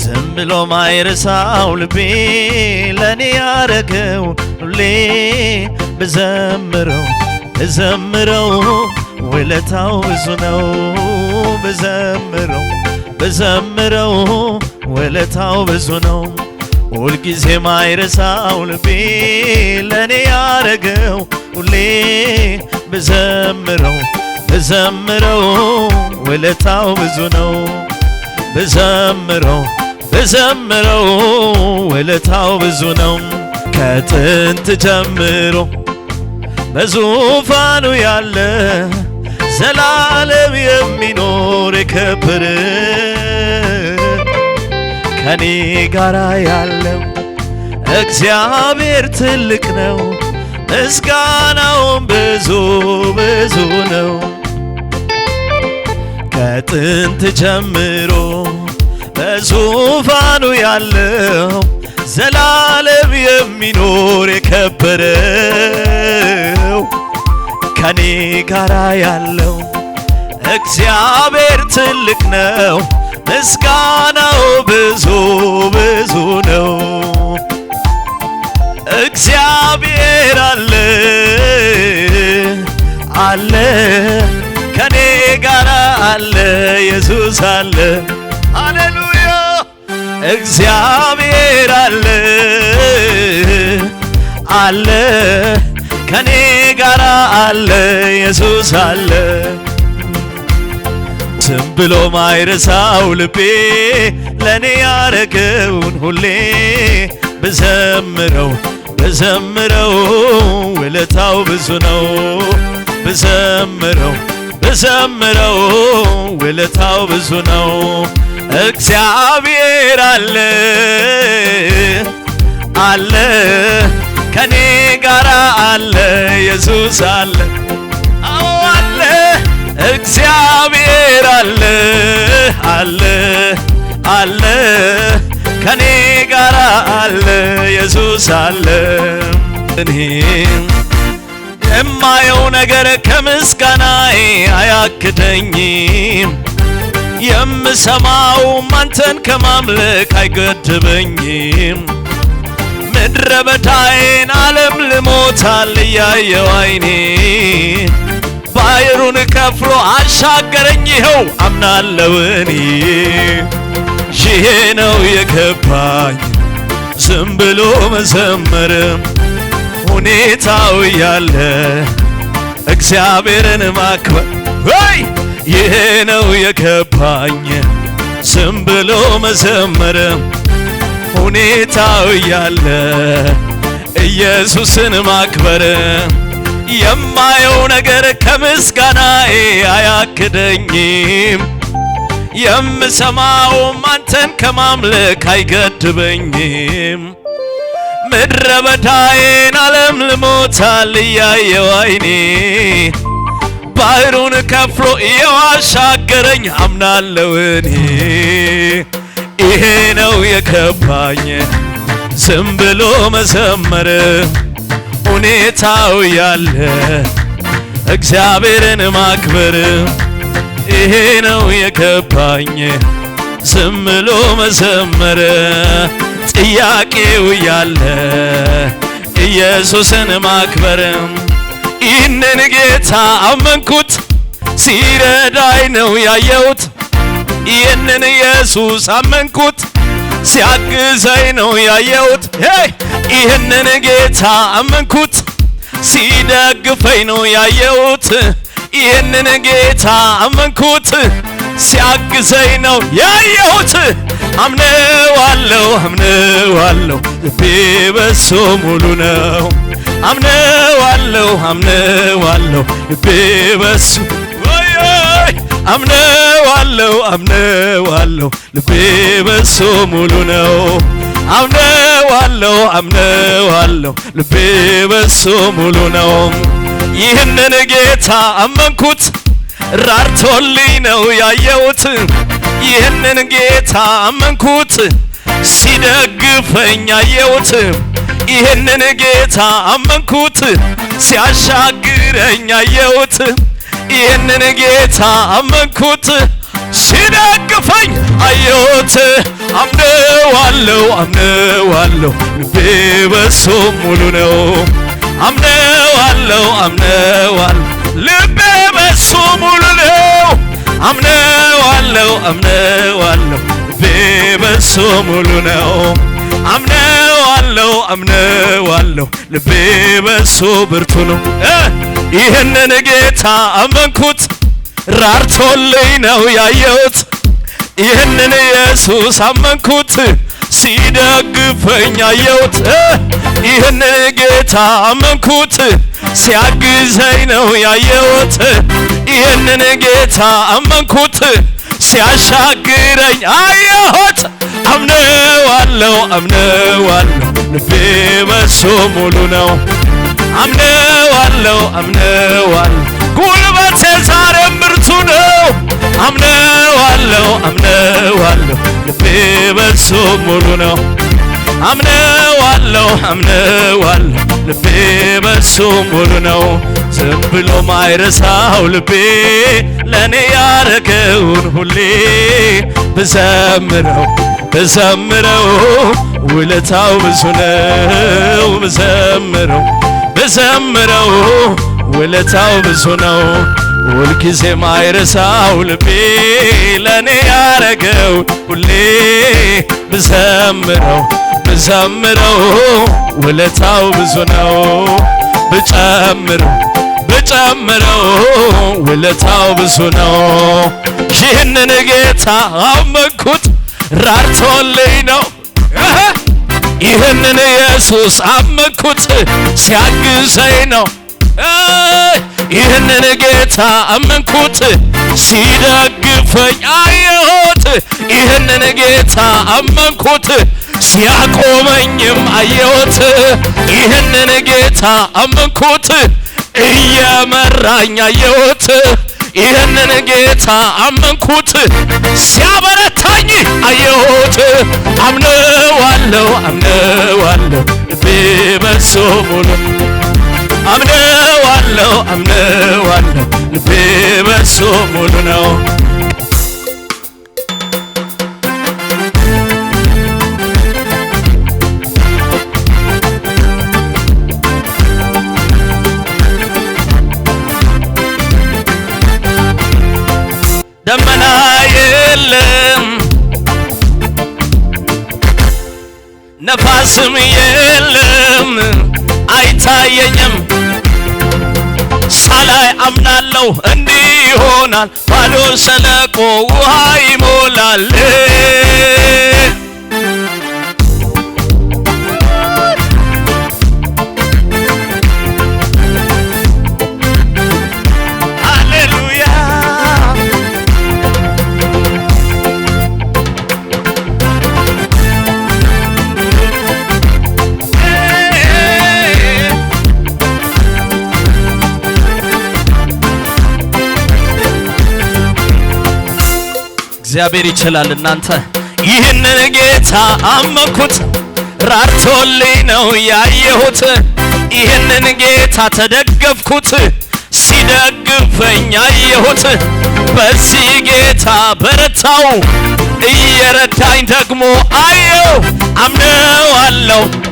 ዝም ብሎ ማይረሳው ልቤ ለኔ ያረገው ሁሌ ብዘምረው ብዘምረው ውለታው ብዙ ነው ብዘምረው ብዘምረው ውለታው ብዙ ነው ሁልጊዜ ማይረሳው ልቤ ለእኔ ያረገው ሁሌ ብዘምረው ብዘምረው ውለታው ብዙ ነው ብዘምረው ብዘምረው ውለታው ብዙ ነው ከጥንት ጀምሮ በዙፋኑ ያለ ዘላለም የሚኖር የከበረ ከኔ ጋራ ያለው እግዚአብሔር ትልቅ ነው፣ ምስጋናውም ብዙ ብዙ ነው። ከጥንት ጀምሮ በዙፋኑ ያለው ዘላለም የሚኖር የከበረው ከኔ ጋራ ያለው እግዚአብሔር ትልቅ ነው ምስጋናው ብዙ ብዙ ነው። እግዚአብሔር አለ አለ ከኔ ጋር አለ ኢየሱስ አለ ሃሌሉያ እግዚአብሔር አለ አለ ከኔ ጋር አለ ኢየሱስ አለ ትም ብሎ ማይረሳው ልቤ ለእኔ ያረገውን ሁሌ ብዘምረው ብዘምረው ውለታው ብዙ ነው ብዘምረው ብዘምረው ውለታው ብዙ ነው። እግዚአብሔር አለ አለ ከኔ ጋራ አለ ኢየሱስ አለ እግዚአብሔር አለ አለ አለ ከኔ ጋር አለ ኢየሱስ አለ እኔ የማየው ነገር ከምስጋናዬ አያክደኝም የምሰማው አንተን ከማምለክ አይገድበኝም ምድረ በዳዬን ዓለም ልሞታል እያየው አይኔ እጁን ከፍሎ አሻገረኝ። ይኸው አምናለው እኔ ይሄ ነው የገባኝ። ዝም ብሎ መዘመርም ሁኔታው ያለ እግዚአብሔርን ማክበር ወይ ይሄ ነው የገባኝ። ዝም ብሎ መዘመርም ሁኔታው ያለ ኢየሱስን ማክበር የማየው ነገር ከምስጋናዬ አያክደኝም። የምሰማውም አንተን ከማምለክ አይገድበኝም። ምድረ በዳዬን ዓለም ልሞታል እያየው አይኔ ባህሩን ከፍሎ የዋሻገረኝ አምናለው እኔ። ይሄ ነው የከባኝ ዝም ብሎ መዘመር ሁኔታው ያለ እግዚአብሔርን ማክበር ይሄ ነው የገባኝ። ዝም ብሎ መዘመር ጥያቄው ያለ ኢየሱስን ማክበር ይህንን ጌታ አመንኩት ሲረዳይ ነው ያየሁት። ይህንን ኢየሱስ አመንኩት ሲያግዘይ ነው ያየሁት። ይህንን ጌታ አመንኩት ሲደግፈኝ ነው ያየሁት። ይህንን ጌታ አመንኩት። ሲያግዘኝ ነው ያየሁት። አምነዋለሁ አምነዋለሁ ልቤ በሱ ሙሉ ነው። አምነዋለሁ አምነዋለሁ ልቤ በሱ አምነዋለሁ አምነዋለሁ ልቤ በሱ ሙሉ ነው። አምነዋለሁ አምነዋለሁ ልቤ በሱ ሙሉ ነው። ይህንን ጌታ አመንኩት ራርቶልኝ ነው ያየሁት። ይህንን ጌታ አመንኩት ሲደግፈኝ አየሁት። ይህንን ጌታ አመንኩት ሲያሻግረኝ አየሁት። ይህንን ጌታ አመንኩት ሲደግፈኝ አየሁት አምነዋለው አምነዋለው ልቤ በሱ ሙሉ ነው አምነዋለው አምነዋለው ልቤ በሱ ሙሉ ነው አምነዋለው አምነዋለው ልቤ በሱ ሙሉ ነው አምነዋለው አምነዋለው ልቤ በሱ ብርቱ ነው ይህንን ጌታ አመንኩት ራርቶልኝ ነው ያየሁት። ይህንን ኢየሱስ አመንኩት ሲደግፈኝ አየሁት። ይህንን ጌታ አመንኩት ሲያግዘኝ ነው ያየሁት። ይህንን ጌታ አመንኩት ሲያሻግረኝ አየሁት። አምነዋለው አምነዋለው ልቤ በሶ ሙሉ ነው። አምነዋለው አምነዋለው ጉልበቴ ዛሬ ብርቱ ነው። አምነዋለሁ አምነዋለሁ ልቤ በሱ ሙሉ ነው። አምነዋለሁ አምነዋለሁ ልቤ በሱ ሙሉ ነው። ዝም ብሎ ማይረሳው ልቤ ለእኔ ያረገውን ሁሌ ብዘምረው ብዘምረው ውለታው ብዙ ነው ብዘምረው ብዘምረው ውለታው ብዙ ነው ሁልጊዜ ማይረሳው ልቤ ለኔ ያረገው ሁሌ ብዘምረው ብዘምረው ውለታው ብዙ ነው ብጨምረው ብጨምረው ውለታው ብዙ ነው። ይህንን ጌታ አመንኩት ራርቶልኝ ነው። ይህንን ኢየሱስ አመንኩት ሲያግዘኝ ነው። ይህንን ጌታ አመንኩት ሲደግፈኝ አየሁት። ይህንን ጌታ አመንኩት ሲያቆመኝም አየሁት። ይህንን ጌታ አመንኩት እየመራኝ አየሁት። ይህንን ጌታ አመንኩት ሲያበረታኝ አየሁት። አምነዋለሁ አምነዋለሁ ልቤ በርሶ ሙሉ አምነዋለው አምነዋለው ልቤ በሱ ሙሉ ነው። ደመና የለም ነፋስም የለም አይታየኝም ላይ አምናለሁ እንዲህ ይሆናል ባዶ ሸለቆ ውሃ ይሞላል እግዚአብሔር ይችላል። እናንተ ይህንን ጌታ አመኩት ራቶልኝ ነው ያየሁት። ይህንን ጌታ ተደገፍኩት፣ ሲደግፈኝ አየሁት። በዚህ ጌታ በረታው፣ እየረዳኝ ደግሞ አየው። አምነዋለሁ